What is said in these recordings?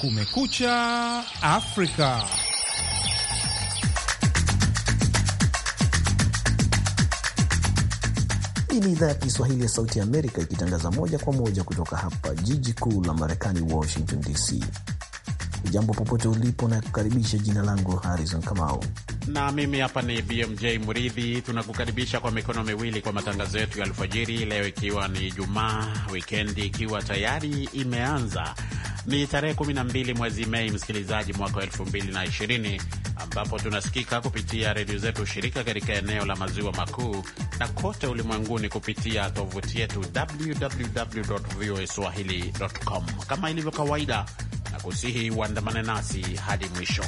Kumekucha Afrika. Hii ni idhaa ya Kiswahili ya Sauti ya Amerika ikitangaza moja kwa moja kutoka hapa jiji kuu la Marekani, Washington DC. Jambo popote ulipo na kukaribisha. Jina langu Harrison Kamau na mimi hapa ni BMJ mridhi Tunakukaribisha kwa mikono miwili kwa matangazo yetu ya alfajiri leo, ikiwa ni Jumaa, wikendi ikiwa tayari imeanza ni tarehe 12 mwezi Mei, msikilizaji, mwaka wa 2020 ambapo tunasikika kupitia redio zetu shirika katika eneo la maziwa makuu na kote ulimwenguni kupitia tovuti yetu www voa swahili com. Kama ilivyo kawaida, na kusihi uandamane nasi hadi mwisho.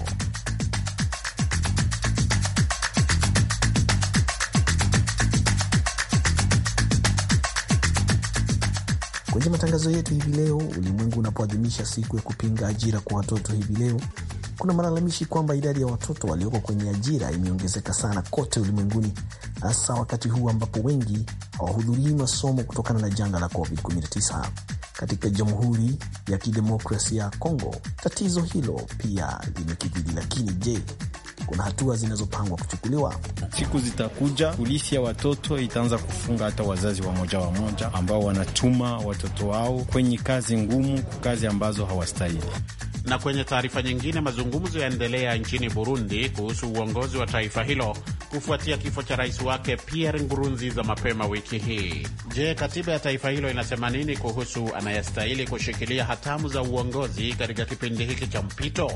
Kwenye matangazo yetu hivi leo, ulimwengu unapoadhimisha siku ya kupinga ajira kwa watoto hivi leo, kuna malalamishi kwamba idadi ya watoto walioko kwenye ajira imeongezeka sana kote ulimwenguni, hasa wakati huu ambapo wengi hawahudhurii masomo kutokana na janga la COVID-19. Katika Jamhuri ya Kidemokrasia ya Kongo tatizo hilo pia limekidhidi Lakini je, kuna hatua zinazopangwa kuchukuliwa? Siku zitakuja polisi ya watoto itaanza kufunga hata wazazi wamoja wamoja ambao wanatuma watoto wao kwenye kazi ngumu, kazi ambazo hawastahili. Na kwenye taarifa nyingine, mazungumzo yaendelea nchini Burundi kuhusu uongozi wa taifa hilo kufuatia kifo cha rais wake Pierre Nkurunziza mapema wiki hii. Je, katiba ya taifa hilo inasema nini kuhusu anayestahili kushikilia hatamu za uongozi katika kipindi hiki cha mpito?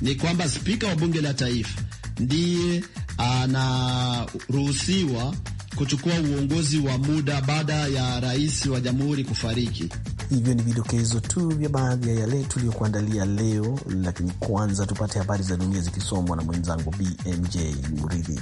Ni kwamba spika wa bunge la taifa ndiye anaruhusiwa kuchukua uongozi wa muda baada ya rais wa jamhuri kufariki. Hivyo ni vidokezo tu vya baadhi ya yale tuliyokuandalia leo, lakini kwanza tupate habari za dunia zikisomwa na mwenzangu BMJ Muridhi.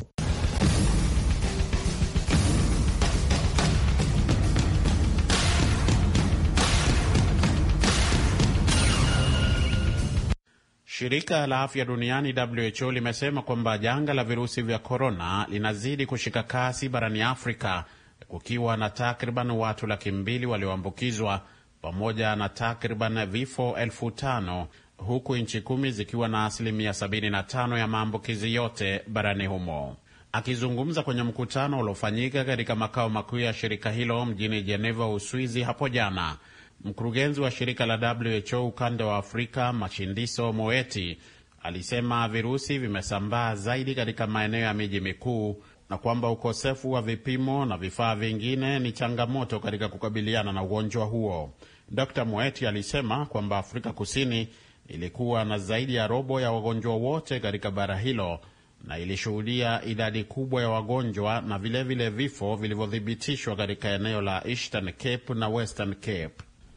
Shirika la afya duniani WHO limesema kwamba janga la virusi vya korona linazidi kushika kasi barani Afrika, kukiwa na takriban watu laki mbili walioambukizwa pamoja na takriban vifo elfu tano huku nchi kumi zikiwa na asilimia 75 ya maambukizi yote barani humo. Akizungumza kwenye mkutano uliofanyika katika makao makuu ya shirika hilo mjini Jeneva, Uswizi hapo jana, mkurugenzi wa shirika la WHO ukanda wa Afrika Mashindiso Moeti alisema virusi vimesambaa zaidi katika maeneo ya miji mikuu na kwamba ukosefu wa vipimo na vifaa vingine ni changamoto katika kukabiliana na ugonjwa huo. Dr Moeti alisema kwamba Afrika Kusini ilikuwa na zaidi ya robo ya wagonjwa wote katika bara hilo na ilishuhudia idadi kubwa ya wagonjwa na vilevile vile vifo vilivyothibitishwa katika eneo la Eastern Cape na Western Cape.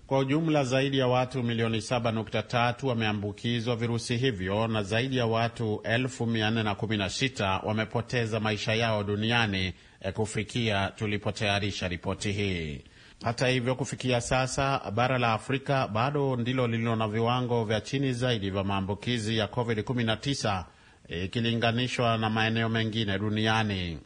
Kwa ujumla zaidi ya watu milioni 7.3 wameambukizwa virusi hivyo na zaidi ya watu 416 wamepoteza maisha yao duniani eh, kufikia tulipotayarisha ripoti hii. Hata hivyo, kufikia sasa bara la Afrika bado ndilo lililo na viwango vya chini zaidi vya maambukizi ya COVID-19 ikilinganishwa na maeneo mengine duniani.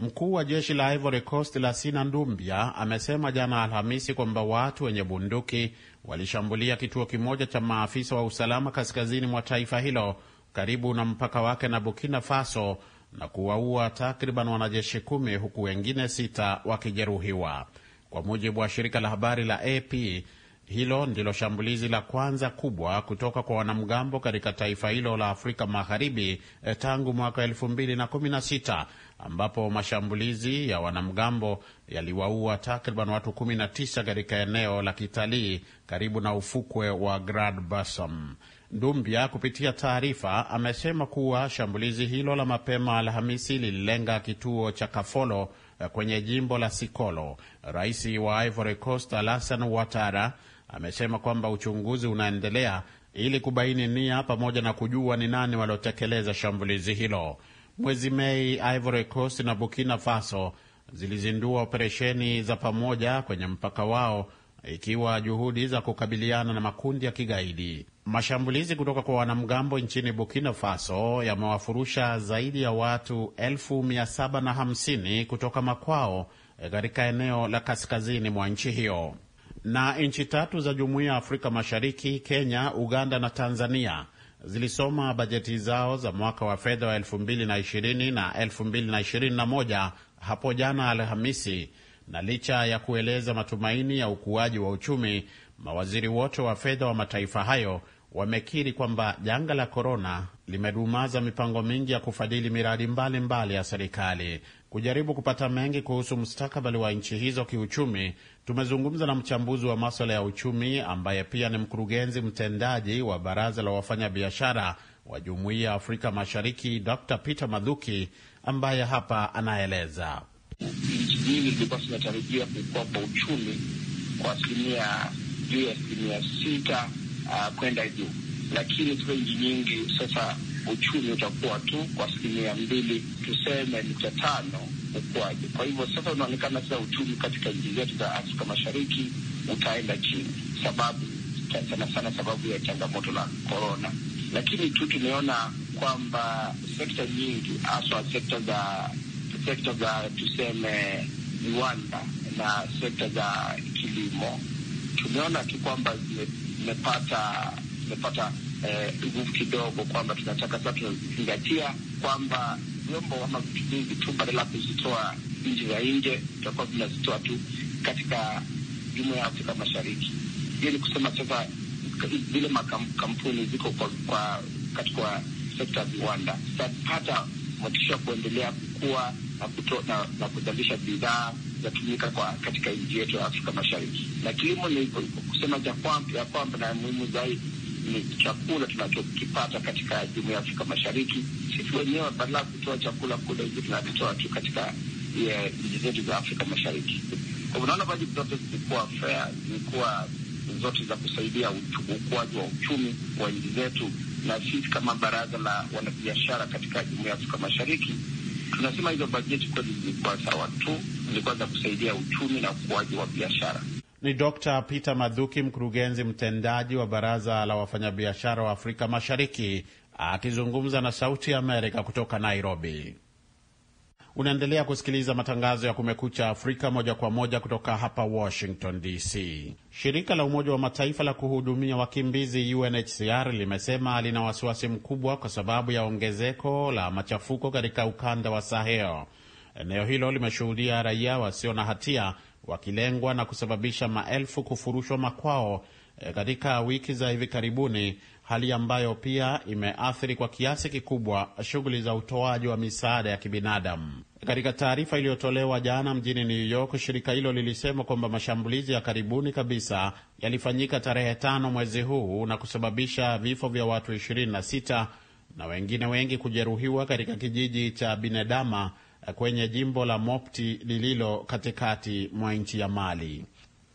Mkuu wa jeshi la Ivory Coast la Sina Ndumbia amesema jana Alhamisi kwamba watu wenye bunduki walishambulia kituo kimoja cha maafisa wa usalama kaskazini mwa taifa hilo karibu na mpaka wake na Burkina Faso na kuwaua takriban wanajeshi kumi huku wengine sita wakijeruhiwa. Kwa mujibu wa shirika la habari la AP, hilo ndilo shambulizi la kwanza kubwa kutoka kwa wanamgambo katika taifa hilo la Afrika Magharibi eh, tangu mwaka 2016 ambapo mashambulizi ya wanamgambo yaliwaua takriban watu 19 katika eneo la kitalii karibu na ufukwe wa Grand Bassam. Dumbia kupitia taarifa amesema kuwa shambulizi hilo la mapema Alhamisi lililenga kituo cha Kafolo Eh, kwenye jimbo la Sikolo. Rais wa Ivory Coast Alassane Ouattara amesema kwamba uchunguzi unaendelea ili kubaini nia pamoja na kujua ni nani waliotekeleza shambulizi hilo. Mwezi Mei, Ivory Coast na Burkina Faso zilizindua operesheni za pamoja kwenye mpaka wao ikiwa juhudi za kukabiliana na makundi ya kigaidi. Mashambulizi kutoka kwa wanamgambo nchini Burkina Faso yamewafurusha zaidi ya watu 750,000 kutoka makwao katika eneo la kaskazini mwa nchi hiyo. Na nchi tatu za Jumuiya ya Afrika Mashariki, Kenya, Uganda na Tanzania zilisoma bajeti zao za mwaka wa fedha wa 2020 na 2021 hapo jana Alhamisi na licha ya kueleza matumaini ya ukuaji wa uchumi, mawaziri wote wa fedha wa mataifa hayo wamekiri kwamba janga la korona limedumaza mipango mingi ya kufadhili miradi mbalimbali mbali ya serikali. Kujaribu kupata mengi kuhusu mustakabali wa nchi hizo kiuchumi, tumezungumza na mchambuzi wa maswala ya uchumi ambaye pia ni mkurugenzi mtendaji wa baraza la wafanyabiashara wa jumuiya ya Afrika Mashariki, Dr Peter madhuki ambaye hapa anaeleza nchi hili lilikuwa zinatarajia kukua kwa uchumi kwa asilimia juu ya asilimia sita uh, kwenda juu, lakini katika nchi nyingi sasa uchumi utakuwa tu kwa asilimia mbili tuseme nukta tano ukuaji. Kwa hivyo sasa unaonekana sasa uchumi katika nchi zetu za Afrika Mashariki utaenda chini, sababu sana sana sababu ya changamoto la korona, lakini tu tumeona kwamba sekta nyingi haswa sekta za sekta za tuseme viwanda na sekta za kilimo, tumeona tu kwamba zimepata zimepata eh, nguvu eh, kidogo, kwamba tunataka sasa tunazingatia kwamba vyombo ama vitu vingi tu badala ya kuzitoa nchi za nje tutakuwa vinazitoa tu katika jumuiya ya Afrika Mashariki. Hiyo ni kusema sasa zile makampuni ziko kwa, kwa katika sekta ya viwanda zitapata motisha kuendelea kukua na, kuto, na, na kuzalisha bidhaa za kutumika kwa katika nchi yetu ya Afrika Mashariki. Na kilimo ni kusema cha kwamba ya kwamba na muhimu zaidi ni chakula tunachokipata katika jumuiya ya Afrika Mashariki. Sisi wenyewe badala ya kutoa chakula kule hivi tunakitoa tu katika eh, nchi zetu za Afrika Mashariki. Kwa hivyo naona bajeti zote zilikuwa fair, zilikuwa zote za kusaidia ukuaji wa uchumi wa nchi zetu, na sisi kama baraza la wanabiashara katika jumuiya ya Afrika Mashariki Tunasema hizo bajeti kweli zilikuwa sawa tu, zilikuwa za kusaidia uchumi na ukuaji wa biashara. Ni Dr. Peter madhuki mkurugenzi mtendaji wa Baraza la Wafanyabiashara wa Afrika Mashariki akizungumza na Sauti ya Amerika kutoka Nairobi. Unaendelea kusikiliza matangazo ya Kumekucha Afrika moja kwa moja kutoka hapa Washington DC. Shirika la Umoja wa Mataifa la kuhudumia wakimbizi UNHCR limesema lina wasiwasi mkubwa kwa sababu ya ongezeko la machafuko katika ukanda wa Sahel. Eneo hilo limeshuhudia raia wasio na hatia wakilengwa na kusababisha maelfu kufurushwa makwao eh, katika wiki za hivi karibuni hali ambayo pia imeathiri kwa kiasi kikubwa shughuli za utoaji wa misaada ya kibinadamu. Katika taarifa iliyotolewa jana mjini New York, shirika hilo lilisema kwamba mashambulizi ya karibuni kabisa yalifanyika tarehe tano mwezi huu na kusababisha vifo vya watu 26 na wengine wengi kujeruhiwa katika kijiji cha Binedama kwenye jimbo la Mopti lililo katikati mwa nchi ya Mali.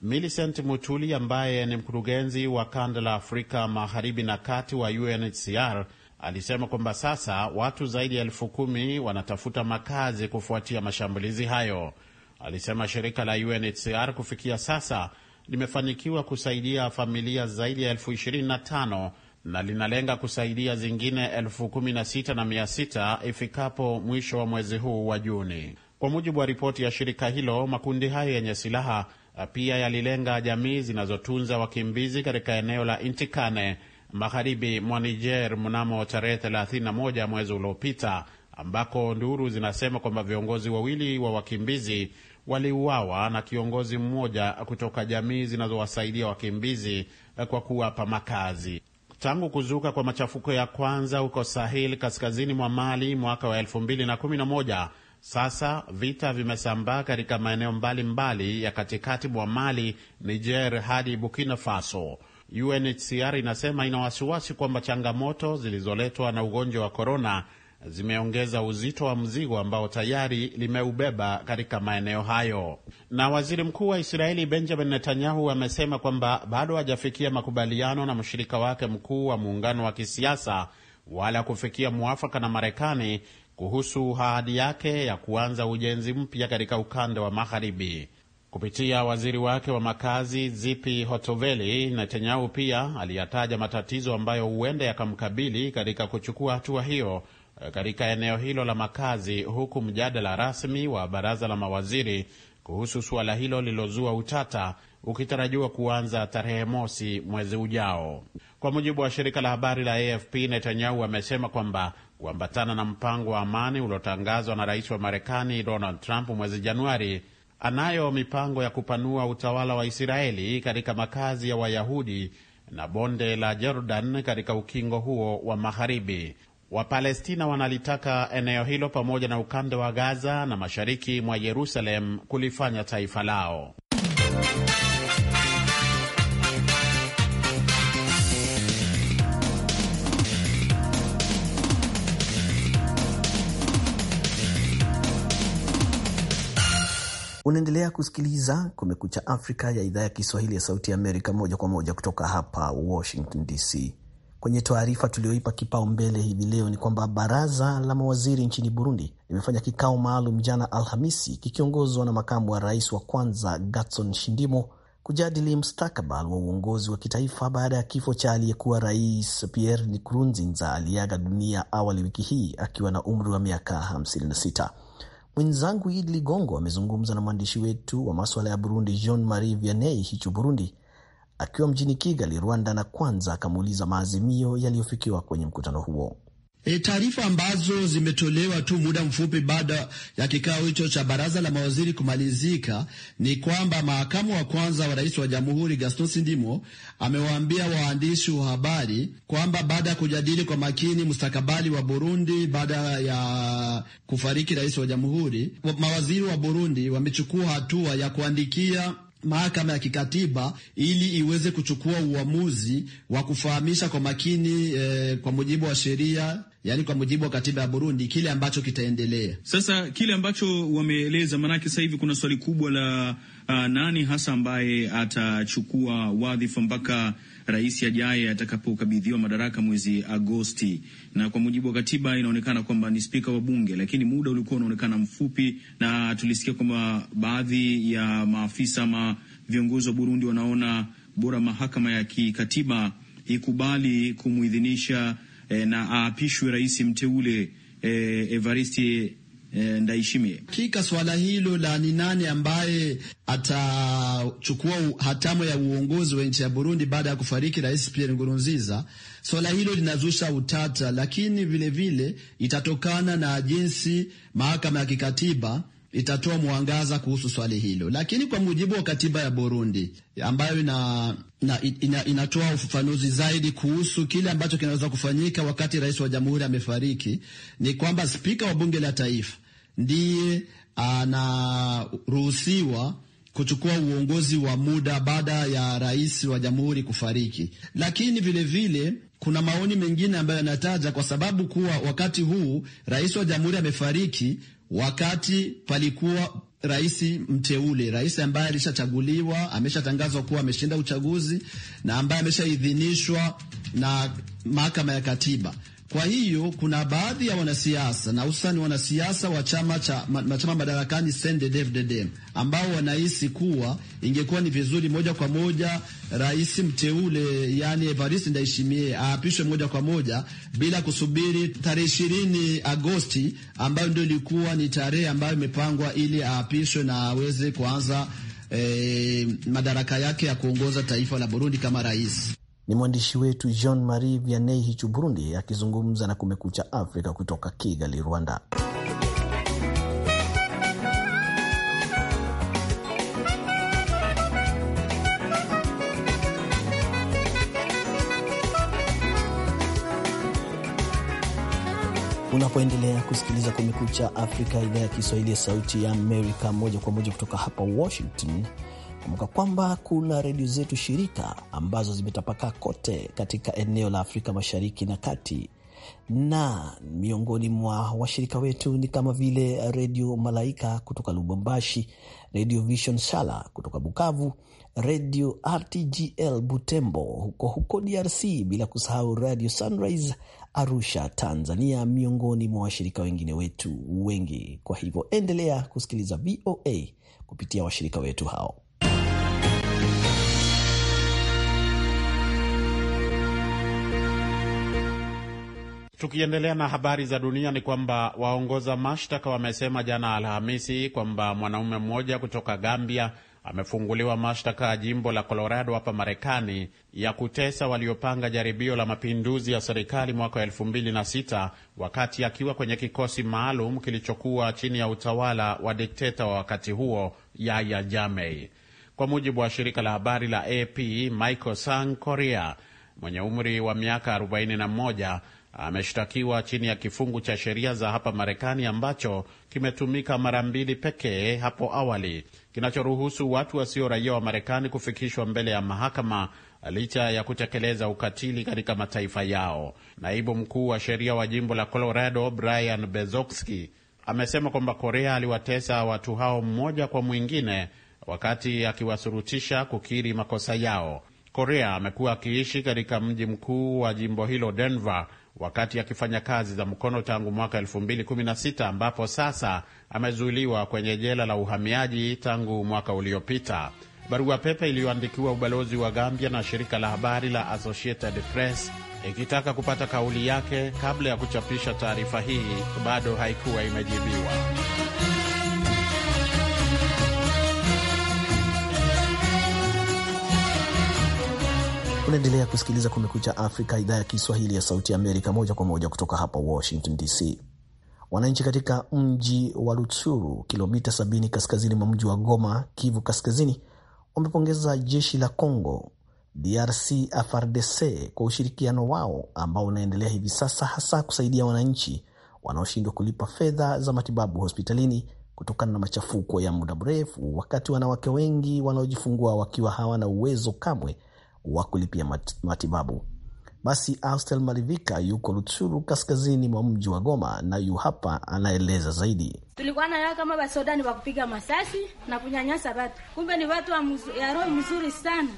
Millicent Mutuli ambaye ni mkurugenzi wa kanda la Afrika Magharibi na Kati wa UNHCR alisema kwamba sasa watu zaidi ya elfu kumi wanatafuta makazi kufuatia mashambulizi hayo. Alisema shirika la UNHCR kufikia sasa limefanikiwa kusaidia familia zaidi ya elfu ishirini na tano na linalenga kusaidia zingine elfu kumi na sita na mia sita ifikapo mwisho wa mwezi huu wa Juni, kwa mujibu wa ripoti ya shirika hilo. Makundi hayo yenye silaha Ah, pia yalilenga jamii zinazotunza wakimbizi katika eneo la Intikane magharibi mwa Niger mnamo tarehe 31 mwezi uliopita, ambako nduru zinasema kwamba viongozi wawili wa wakimbizi waliuawa na kiongozi mmoja kutoka jamii zinazowasaidia wakimbizi eh, kwa kuwapa makazi. Tangu kuzuka kwa machafuko ya kwanza huko Sahel kaskazini mwa Mali mwaka wa 2011 sasa vita vimesambaa katika maeneo mbalimbali ya katikati mwa Mali, Niger hadi Burkina Faso. UNHCR inasema ina wasiwasi kwamba changamoto zilizoletwa na ugonjwa wa korona zimeongeza uzito wa mzigo ambao tayari limeubeba katika maeneo hayo. Na waziri mkuu wa Israeli Benjamin Netanyahu amesema kwamba bado hajafikia makubaliano na mshirika wake mkuu wa muungano wa kisiasa wala kufikia mwafaka na Marekani kuhusu ahadi yake ya kuanza ujenzi mpya katika ukanda wa magharibi. Kupitia waziri wake wa makazi Zipi Hotoveli, Netanyahu pia aliyataja matatizo ambayo huenda yakamkabili katika kuchukua hatua hiyo eh, katika eneo hilo la makazi, huku mjadala rasmi wa baraza la mawaziri kuhusu suala hilo lilozua utata ukitarajiwa kuanza tarehe mosi mwezi ujao. Kwa mujibu wa shirika la habari la AFP, Netanyahu amesema kwamba kuambatana na mpango wa amani uliotangazwa na rais wa Marekani Donald Trump mwezi Januari, anayo mipango ya kupanua utawala wa Israeli katika makazi ya Wayahudi na bonde la Jordan katika ukingo huo wa magharibi. Wapalestina wanalitaka eneo hilo pamoja na ukanda wa Gaza na mashariki mwa Yerusalem kulifanya taifa lao. Unaendelea kusikiliza Kumekucha Afrika ya idhaa ya Kiswahili ya Sauti ya Amerika, moja kwa moja kutoka hapa Washington DC. Kwenye taarifa tuliyoipa kipaumbele hivi leo ni kwamba baraza la mawaziri nchini Burundi limefanya kikao maalum jana Alhamisi, kikiongozwa na makamu wa rais wa kwanza Gatson Shindimo kujadili mustakabali wa uongozi wa kitaifa baada ya kifo cha aliyekuwa rais Pierre Nkurunziza aliyeaga dunia awali wiki hii akiwa na umri wa miaka 56. Mwenzangu Idi Ligongo amezungumza na mwandishi wetu wa maswala ya Burundi Jean Marie Vianney Hichu Burundi akiwa mjini Kigali, Rwanda, na kwanza akamuuliza maazimio yaliyofikiwa kwenye mkutano huo. E, taarifa ambazo zimetolewa tu muda mfupi baada ya kikao hicho cha baraza la mawaziri kumalizika ni kwamba makamu wa kwanza wa rais wa jamhuri Gaston Sindimo amewaambia waandishi wa habari kwamba baada ya kujadili kwa makini mustakabali wa Burundi baada ya kufariki rais wa jamhuri, mawaziri wa Burundi wamechukua hatua ya kuandikia mahakama ya kikatiba ili iweze kuchukua uamuzi wa kufahamisha kwa makini eh, kwa mujibu wa sheria yani kwa mujibu wa katiba ya Burundi kile ambacho kitaendelea. Sasa kile ambacho wameeleza, maanake sasa hivi kuna swali kubwa la uh, nani hasa ambaye atachukua wadhifa mpaka rais ajaye atakapokabidhiwa madaraka mwezi Agosti. Na kwa mujibu wa katiba inaonekana kwamba ni spika wa bunge, lakini muda ulikuwa unaonekana mfupi, na tulisikia kwamba baadhi ya maafisa ama viongozi wa Burundi wanaona bora mahakama ya kikatiba ikubali kumuidhinisha eh, na aapishwe rais mteule eh, Evariste e, Ndaishimie. Hakika swala hilo la ni nani ambaye atachukua hatamu ya uongozi wa nchi ya Burundi baada ya kufariki Rais Pierre Nkurunziza, swala hilo linazusha utata, lakini vilevile vile itatokana na jinsi mahakama ya kikatiba itatoa mwangaza kuhusu swali hilo, lakini kwa mujibu wa katiba ya Burundi ambayo ina, ina, ina, inatoa ufafanuzi zaidi kuhusu kile ambacho kinaweza kufanyika wakati rais wa jamhuri amefariki, ni kwamba spika wa bunge la taifa ndiye anaruhusiwa kuchukua uongozi wa muda baada ya rais wa jamhuri kufariki. Lakini vilevile vile, kuna maoni mengine ambayo yanataja kwa sababu kuwa wakati huu rais wa jamhuri amefariki, wakati palikuwa rais mteule, rais ambaye alishachaguliwa, ameshatangazwa kuwa ameshinda uchaguzi na ambaye ameshaidhinishwa na mahakama ya katiba. Kwa hiyo kuna baadhi ya wanasiasa na hususani wanasiasa wa chama cha chama madarakani CNDD-FDD ambao wanahisi kuwa ingekuwa ni vizuri moja kwa moja rais mteule yani Evariste Ndayishimiye aapishwe moja kwa moja bila kusubiri tarehe ishirini Agosti ambayo ndio ilikuwa ni tarehe ambayo imepangwa ili aapishwe na aweze kuanza eh, madaraka yake ya kuongoza taifa la Burundi kama rais. Ni mwandishi wetu Jean Marie Vianney Hichu Burundi akizungumza na Kumekucha Afrika kutoka Kigali, Rwanda. Unapoendelea kusikiliza Kumekucha Afrika, idhaa ya Kiswahili ya Sauti ya Amerika, moja kwa moja kutoka hapa Washington. Kumbuka kwamba kuna redio zetu shirika ambazo zimetapakaa kote katika eneo la Afrika Mashariki na Kati, na miongoni mwa washirika wetu ni kama vile Redio Malaika kutoka Lubumbashi, Redio Vision Shala kutoka Bukavu, Redio RTGL Butembo huko huko DRC, bila kusahau Radio Sunrise Arusha, Tanzania, miongoni mwa washirika wengine wetu wengi. Kwa hivyo endelea kusikiliza VOA kupitia washirika wetu hao. Tukiendelea na habari za dunia ni kwamba waongoza mashtaka wamesema jana Alhamisi kwamba mwanaume mmoja kutoka Gambia amefunguliwa mashtaka ya jimbo la Colorado hapa Marekani ya kutesa waliopanga jaribio la mapinduzi ya serikali mwaka 26 wakati akiwa kwenye kikosi maalum kilichokuwa chini ya utawala wa dikteta wa wakati huo Yahya Jammeh. Kwa mujibu wa shirika la habari la AP, Michael Sang Korea mwenye umri wa miaka 41 ameshtakiwa chini ya kifungu cha sheria za hapa Marekani ambacho kimetumika mara mbili pekee hapo awali, kinachoruhusu watu wasio raia wa Marekani kufikishwa mbele ya mahakama licha ya kutekeleza ukatili katika mataifa yao. Naibu mkuu wa sheria wa jimbo la Colorado Brian Bezokski amesema kwamba Korea aliwatesa watu hao mmoja kwa mwingine wakati akiwasurutisha kukiri makosa yao. Korea amekuwa akiishi katika mji mkuu wa jimbo hilo Denver wakati akifanya kazi za mkono tangu mwaka 2016 ambapo sasa amezuiliwa kwenye jela la uhamiaji tangu mwaka uliopita. Barua pepe iliyoandikiwa ubalozi wa Gambia na shirika la habari la Associated Press ikitaka kupata kauli yake kabla ya kuchapisha taarifa hii bado haikuwa imejibiwa. Unaendelea kusikiliza Kumekucha Afrika, idhaa ya Kiswahili ya Sauti Amerika, moja kwa moja kutoka hapa Washington DC. Wananchi katika mji wa Rutsuru, kilomita 70 kaskazini mwa mji wa Goma, Kivu Kaskazini, wamepongeza jeshi la Congo DRC FARDC kwa ushirikiano wao ambao unaendelea hivi sasa, hasa kusaidia wananchi wanaoshindwa kulipa fedha za matibabu hospitalini kutokana na machafuko ya muda mrefu, wakati wanawake wengi wanaojifungua wakiwa hawana uwezo kamwe wa kulipia mat, matibabu. Basi Austel Malivika yuko Lutsuru, kaskazini mwa mji wa Goma, na yu hapa anaeleza zaidi. Tulikuwa yao kama basoda ni wakupiga masasi na kunyanyasa watu, kumbe ni watu wa roho mzuri sana.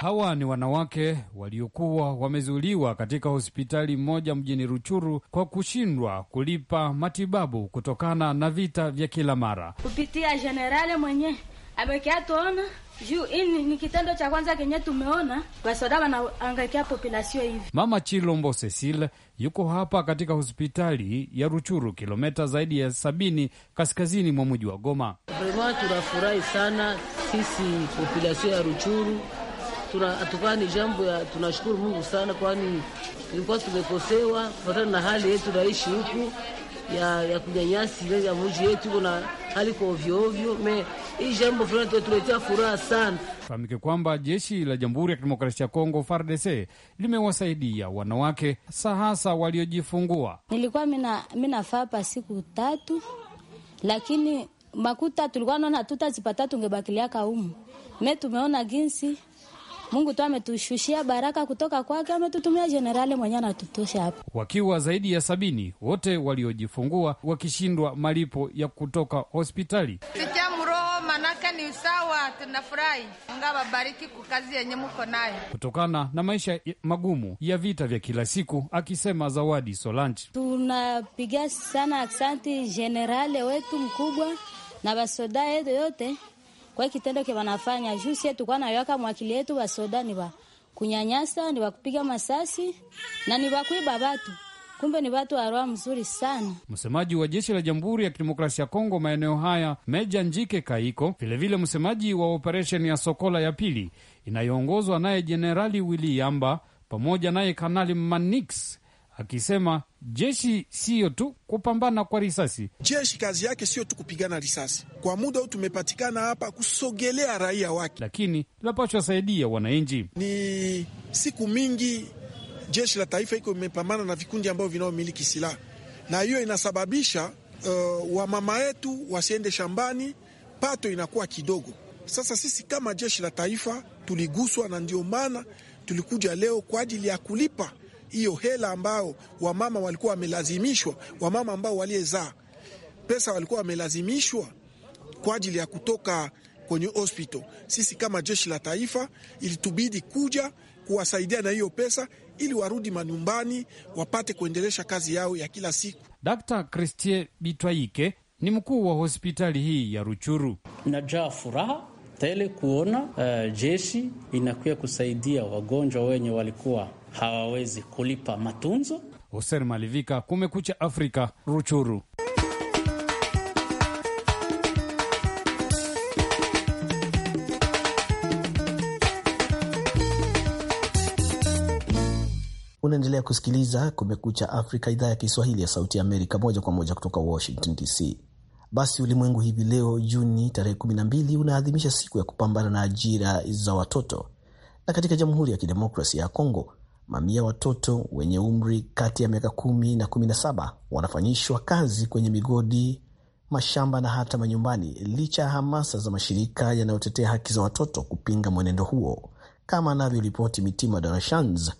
Hawa ni wanawake waliokuwa wamezuiliwa katika hospitali moja mjini Ruchuru kwa kushindwa kulipa matibabu kutokana na vita vya kila mara. Kupitia jenerali amekea tuona juu ni kitendo cha kwanza kenye tumeona wasoda wanaangaikia populasio hivi. Mama Chilombo Cecil yuko hapa katika hospitali ya Ruchuru, kilometa zaidi ya sabini kaskazini mwa muji wa Goma. Vrema tunafurahi sana sisi populasio ya Ruchuru hatukani ni jambo ya tunashukuru Mungu sana, kwani ilikuwa tumekosewa kufatana na hali yetu naishi huku ya, ya kunyanyasi ya mji yetu, iko na hali kwa ovyo ovyo. Me hii jambo fulani tunatuletea furaha sana. Fahamike kwamba jeshi la Jamhuri ya Kidemokrasia ya Kongo FARDC limewasaidia wanawake hasa waliojifungua. Nilikuwa mina, pa siku tatu, lakini makuta tulikuwa naona tutazipata tungebakilia umu me tumeona ginsi Mungu tu ametushushia baraka kutoka kwake, ametutumia jenerali mwenye anatutosha hapa. Wakiwa zaidi ya sabini wote waliojifungua wakishindwa malipo ya kutoka hospitali manaka ni usawa, tunafurahi. Mungu awabariki kwa kazi yenye mko nayo, kutokana na maisha magumu ya vita vya kila siku, akisema Zawadi Solanji. Tunapiga sana asanti jenerali wetu mkubwa na basoda yote kwa kitendo kile wanafanya juu sisi tulikuwa naweka mwakili yetu wa soda ni wa kunyanyasa, ni wa kupiga masasi na ni wa kuiba watu. Kumbe ni watu wa roho mzuri sana. Msemaji wa jeshi la Jamhuri ya Kidemokrasia ya Kongo maeneo haya, Meja Njike Kaiko, vilevile msemaji wa operesheni ya Sokola ya pili inayoongozwa naye Jenerali Wili Yamba pamoja naye Kanali Manix akisema jeshi siyo tu kupambana kwa risasi. Jeshi kazi yake siyo tu kupigana risasi. Kwa muda huu tumepatikana hapa kusogelea raia wake, lakini lapashwa saidia wananchi. Ni siku mingi jeshi la taifa iko imepambana na vikundi ambavyo vinaomiliki silaha, na hiyo inasababisha uh, wamama yetu wasiende shambani, pato inakuwa kidogo. Sasa sisi kama jeshi la taifa tuliguswa, na ndio maana tulikuja leo kwa ajili ya kulipa hiyo hela ambayo wamama walikuwa wamelazimishwa, wamama ambao waliezaa pesa walikuwa wamelazimishwa kwa ajili ya kutoka kwenye hospital. Sisi kama jeshi la taifa ilitubidi kuja kuwasaidia na hiyo pesa ili warudi manyumbani wapate kuendelesha kazi yao ya kila siku. Dkt. Christie Bitwaike ni mkuu wa hospitali hii ya Ruchuru. Najaa furaha tele kuona uh, jeshi inakuya kusaidia wagonjwa wenye walikuwa hawawezi kulipa matunzo. Hosen Malivika, Kumekucha Afrika, Ruchuru. Unaendelea kusikiliza Kumekucha Afrika, idhaa ya Kiswahili ya Sauti Amerika, moja kwa moja kutoka Washington DC. Basi ulimwengu hivi leo Juni tarehe 12 unaadhimisha siku ya kupambana na ajira za watoto, na katika Jamhuri ya Kidemokrasia ya Kongo Mamia watoto wenye umri kati ya miaka kumi na kumi na saba wanafanyishwa kazi kwenye migodi, mashamba na hata manyumbani, licha ya hamasa za mashirika yanayotetea haki za watoto kupinga mwenendo huo, kama anavyoripoti Mitima Darashans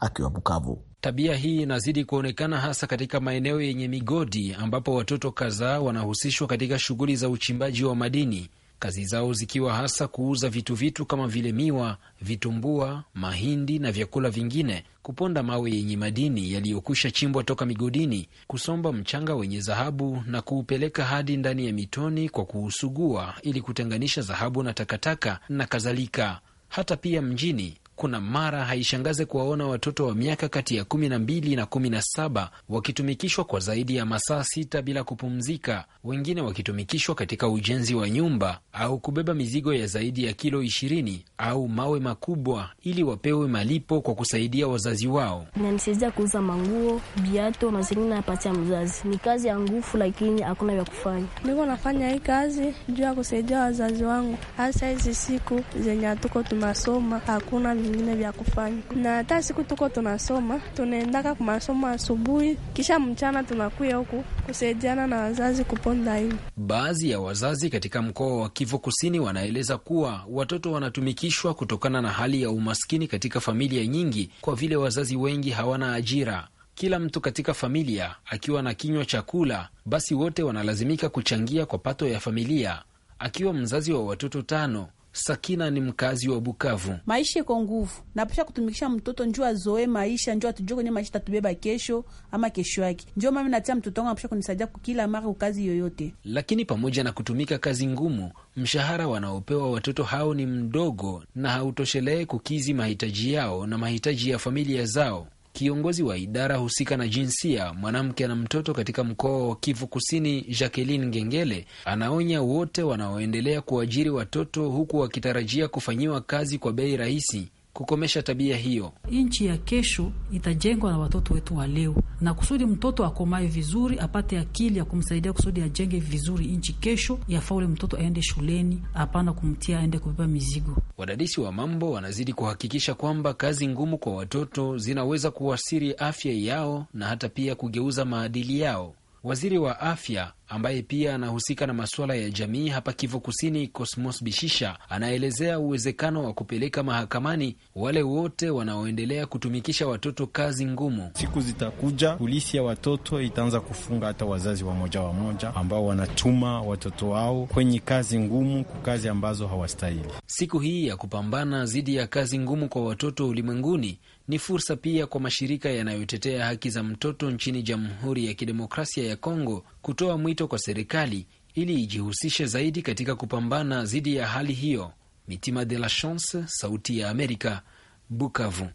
akiwa Bukavu. Tabia hii inazidi kuonekana hasa katika maeneo yenye migodi ambapo watoto kadhaa wanahusishwa katika shughuli za uchimbaji wa madini kazi zao zikiwa hasa kuuza vitu vitu kama vile miwa, vitumbua, mahindi na vyakula vingine, kuponda mawe yenye madini yaliyokwisha chimbwa toka migodini, kusomba mchanga wenye dhahabu na kuupeleka hadi ndani ya mitoni kwa kuusugua ili kutenganisha dhahabu na takataka na kadhalika. Hata pia mjini kuna mara haishangaze kuwaona watoto wa miaka kati ya kumi na mbili na kumi na saba wakitumikishwa kwa zaidi ya masaa sita bila kupumzika, wengine wakitumikishwa katika ujenzi wa nyumba au kubeba mizigo ya zaidi ya kilo ishirini au mawe makubwa ili wapewe malipo kwa kusaidia wazazi wao. Nanisaidia kuuza manguo, viato mazingine nayapatia mzazi. Ni kazi ya nguvu, lakini hakuna vya kufanya. Niko nafanya hii kazi juu ya kusaidia wazazi wangu, hasa hizi siku zenye hatuko tunasoma, hakuna vingine vya kufanya, na hata siku tuko tunasoma, tunaendaka kumasomo asubuhi, kisha mchana tunakuya huku kusaidiana na wazazi kuponda hivi. Baadhi ya wazazi katika mkoa wa Kivu Kusini wanaeleza kuwa watoto wanatumikishwa kutokana na hali ya umaskini katika familia nyingi, kwa vile wazazi wengi hawana ajira kila mtu katika familia akiwa na kinywa cha kula, basi wote wanalazimika kuchangia kwa pato ya familia. Akiwa mzazi wa watoto tano, Sakina ni mkazi wa Bukavu. Maisha iko nguvu, napasha kutumikisha mtoto njo azoe maisha, njo atujue kwenye maisha tatubeba kesho ama kesho yake. Njo mami natia mtoto wangu napasha kunisaidia kukila mara kukazi yoyote. Lakini pamoja na kutumika kazi ngumu, mshahara wanaopewa watoto hao ni mdogo na hautoshelee kukizi mahitaji yao na mahitaji ya familia zao. Kiongozi wa idara husika na jinsia, mwanamke na mtoto katika mkoa wa Kivu Kusini, Jacqueline Ngengele, anaonya wote wanaoendelea kuajiri watoto huku wakitarajia kufanyiwa kazi kwa bei rahisi kukomesha tabia hiyo. Nchi ya kesho itajengwa na watoto wetu wa leo, na kusudi mtoto akomae vizuri, apate akili ya kumsaidia kusudi ajenge vizuri nchi kesho. Yafaule mtoto aende shuleni, hapana kumtia aende kubeba mizigo. Wadadisi wa mambo wanazidi kuhakikisha kwamba kazi ngumu kwa watoto zinaweza kuwasiri afya yao na hata pia kugeuza maadili yao. Waziri wa afya ambaye pia anahusika na masuala ya jamii hapa Kivu Kusini, Cosmos Bishisha, anaelezea uwezekano wa kupeleka mahakamani wale wote wanaoendelea kutumikisha watoto kazi ngumu. Siku zitakuja, polisi ya watoto itaanza kufunga hata wazazi wamoja wamoja ambao wanatuma watoto wao kwenye kazi ngumu, kwa kazi ambazo hawastahili. Siku hii ya kupambana dhidi ya kazi ngumu kwa watoto ulimwenguni ni fursa pia kwa mashirika yanayotetea haki za mtoto nchini Jamhuri ya Kidemokrasia ya Kongo kutoa mwito kwa serikali ili ijihusishe zaidi katika kupambana dhidi ya hali hiyo. Mitima de la Chance, Sauti ya Amerika, Bukavu.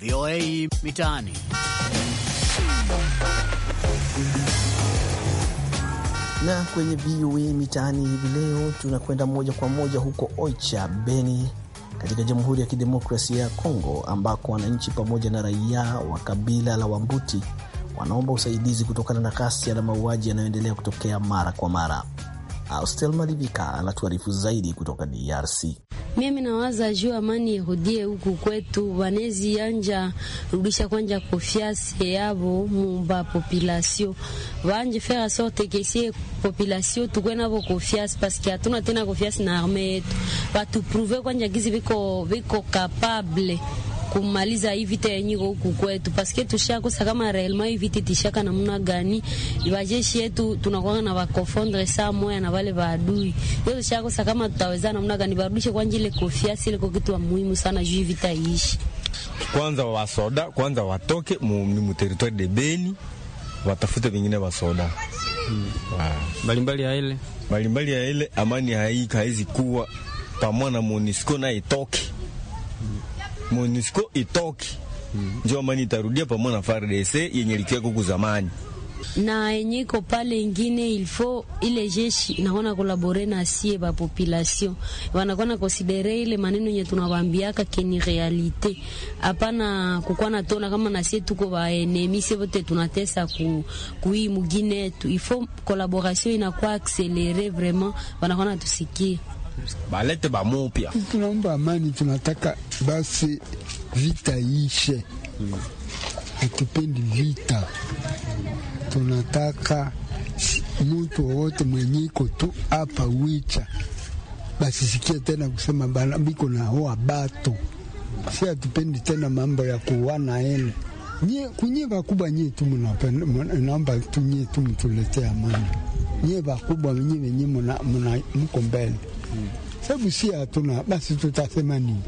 VOA Mitaani. na kwenye VOA Mitaani hivi leo tunakwenda moja kwa moja huko Oicha, Beni, katika Jamhuri ya Kidemokrasia ya Kongo, ambako wananchi pamoja na raia wa kabila la Wambuti wanaomba usaidizi kutokana na ghasia na mauaji yanayoendelea kutokea mara kwa mara. Austel Malivika anatuarifu zaidi kutoka DRC. Mimi nawaza juu amani irudie huku kwetu, wanezi anja rudisha kwanja kofiase yavo mumba populasio wanje fera sorte kesie populasio tukwe navo kofiase paske hatuna tena kofiase na arme yetu, watupruve kwanja gizi viko, viko kapable kumaliza hii vita yenye huku kwetu, paske tushakosa kama realma hii vita tishaka namna gani. Wajeshi yetu tunakuwa na wakofondre saa moya na wale baadui, hiyo tushakosa kama tutaweza namna gani. Barudishe kwanje ile konfiansi ile, kwa kitu muhimu sana juu vita iishi. Kwanza wasoda kwanza watoke mu mu territoire de Beni, watafute vingine wasoda hmm. ah. mbalimbali hmm. ya ile mbalimbali ya ile amani haika haizi kuwa pamoja na Monisco na itoke MONUSCO itoki mm -hmm. Ndio amani itarudia pamoja na FARDC yenye ilikuwa huko na yenye iko pale ingine ilfo ile jeshi naona kolabore na sie ba population wanakona konsidere ile maneno yenye tunawambiaka keni realite hapana kukwa na tona kama na sie tuko ba enemi sie wote tunatesa ku kui mugine yetu ifo collaboration inakuwa accelerer vraiment wanakona tusikie balete bamupya. Tunaomba amani, tunataka basi vita ishe. Hatupendi vita, tunataka mtu wowote mwenyiko tu hapa wicha basisikie tena kusema bana biko na hoa bato. Si hatupendi tena mambo ya kuwana ele nye kunye vakubwa nye tu mnaomba tu nye tu mtuletee amani nye bakubwa nye wenye mko mbele sabu si hatuna basi, tutasema nini?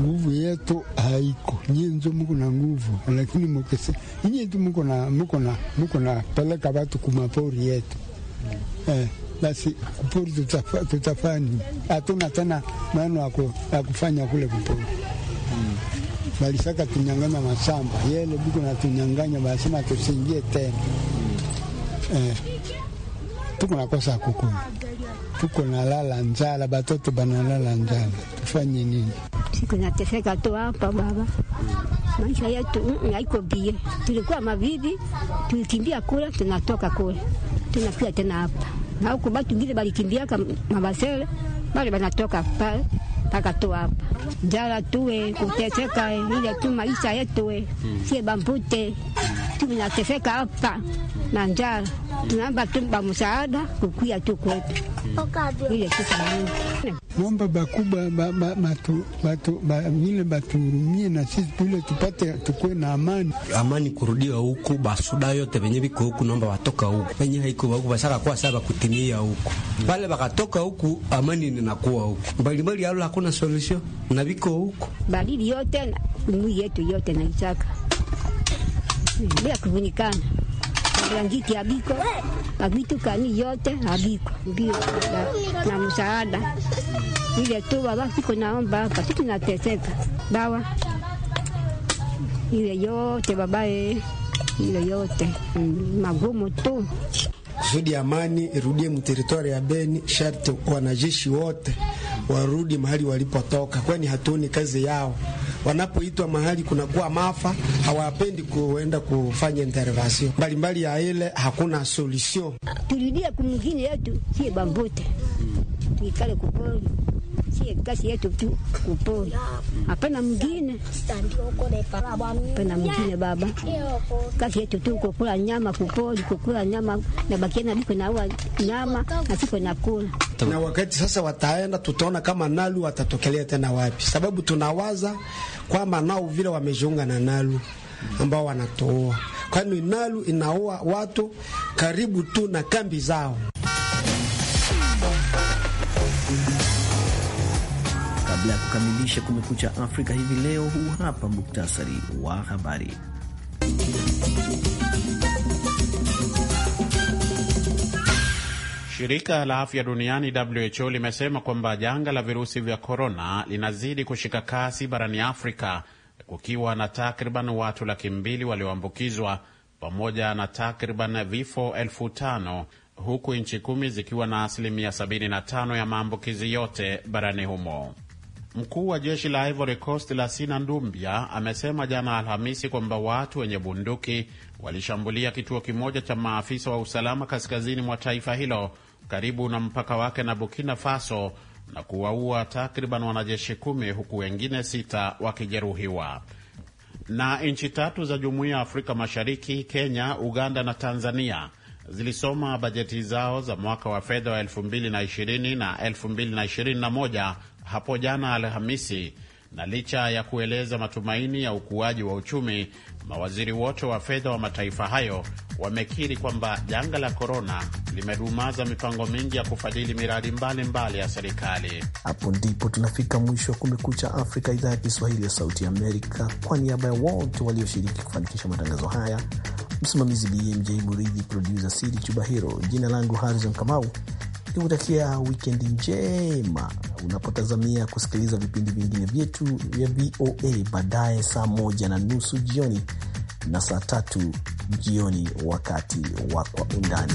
Nguvu yetu haiko. Nyie njo muko na nguvu, lakini mukese nyie tu muko na muko na muko na peleka watu kumapori yetu eh, basi kupori tutafanya tutafa, hatuna tena maana ya kufanya kule kupori mm. Balisaka tunyanganya masamba yele biko na tunyanganya, basema tusingie tena mm. eh tuko nakosa kukula, tuko nalala njala, batoto banalala njala, tufanye nini? Siku nateseka tu hapa baba, maisha yetu mm, haiko bie. Tulikuwa mavivi, tulikimbia kule, tunatoka kule, tunafika tena hapa na huko. Batu ngine balikimbiaka mabasele bali banatoka pale mpaka tu hapa, njala tuwe kuteseka ile tu maisha yetu, hmm. sie bambute vitu vinateseka hapa na njara, tunaomba msaada kukuya tu kwetu ile bakubwa na sisi tule tupate tukue na amani, amani kurudiwa huku. Basuda yote venye viko huku naomba watoka huku, venye haiko huku bashaka kuwa saba kutimia huku pale, bakatoka huku amani ninakuwa huku mbalimbali, alo hakuna solution na viko huku yote yetu yote bila kuvunikana arangiti abiko abitu kani yote abiko mbio na, na msaada ile tu baba, siko naomba hapa, si tunateseka dawa ile yote babae, ile yote mm, magumu tu. Kusudi amani irudie mteritori ya Beni, sharti wanajeshi wote warudi mahali walipotoka, kwani hatuoni kazi yao wanapoitwa mahali kunakuwa maafa, hawapendi kuenda kufanya intervention mbalimbali ya ile, hakuna solution. tulidia kumugini yetu sie bambute tuikale kupoli kazi yetu tu kupona, hapana hapana baba, kazi yetu tu kukula nyama, kukula nyama na nyama na siko Na wakati sasa wataenda, tutaona kama Nalu watatokelea tena wapi, sababu tunawaza kwamba nao vile wamejiunga na Nalu ambao wanatoa, kwani Nalu inaoa watu karibu tu na kambi zao. Kabla ya kukamilisha Kumekucha Afrika hivi leo, huu hapa muktasari wa habari. Shirika la afya duniani WHO limesema kwamba janga la virusi vya korona linazidi kushika kasi barani Afrika, kukiwa na takriban watu laki mbili walioambukizwa pamoja na takriban vifo elfu tano huku nchi kumi zikiwa na asilimia 75 ya maambukizi yote barani humo. Mkuu wa jeshi la Ivory Coast la Sina Ndumbia amesema jana Alhamisi kwamba watu wenye bunduki walishambulia kituo kimoja cha maafisa wa usalama kaskazini mwa taifa hilo karibu na mpaka wake na Burkina Faso na kuwaua takriban wanajeshi kumi huku wengine sita wakijeruhiwa. Na nchi tatu za Jumuiya ya Afrika Mashariki, Kenya, Uganda na Tanzania zilisoma bajeti zao za mwaka wa fedha wa 2020 na 2021 hapo jana Alhamisi, na licha ya kueleza matumaini ya ukuaji wa uchumi, mawaziri wote wa fedha wa mataifa hayo wamekiri kwamba janga la korona limedumaza mipango mingi ya kufadhili miradi mbalimbali mbali ya serikali. Hapo ndipo tunafika mwisho wa Kumekucha Afrika, idhaa ya Kiswahili ya Sauti ya Amerika. Kwa niaba ya wote walioshiriki kufanikisha matangazo haya, msimamizi BMJ Muridhi, produsa Sidi Chubahiro, jina langu Harrison Kamau nikutakia wikendi njema unapotazamia kusikiliza vipindi vingine vyetu vya VOA baadaye saa moja na nusu jioni na saa tatu jioni wakati wa Kwa Undani.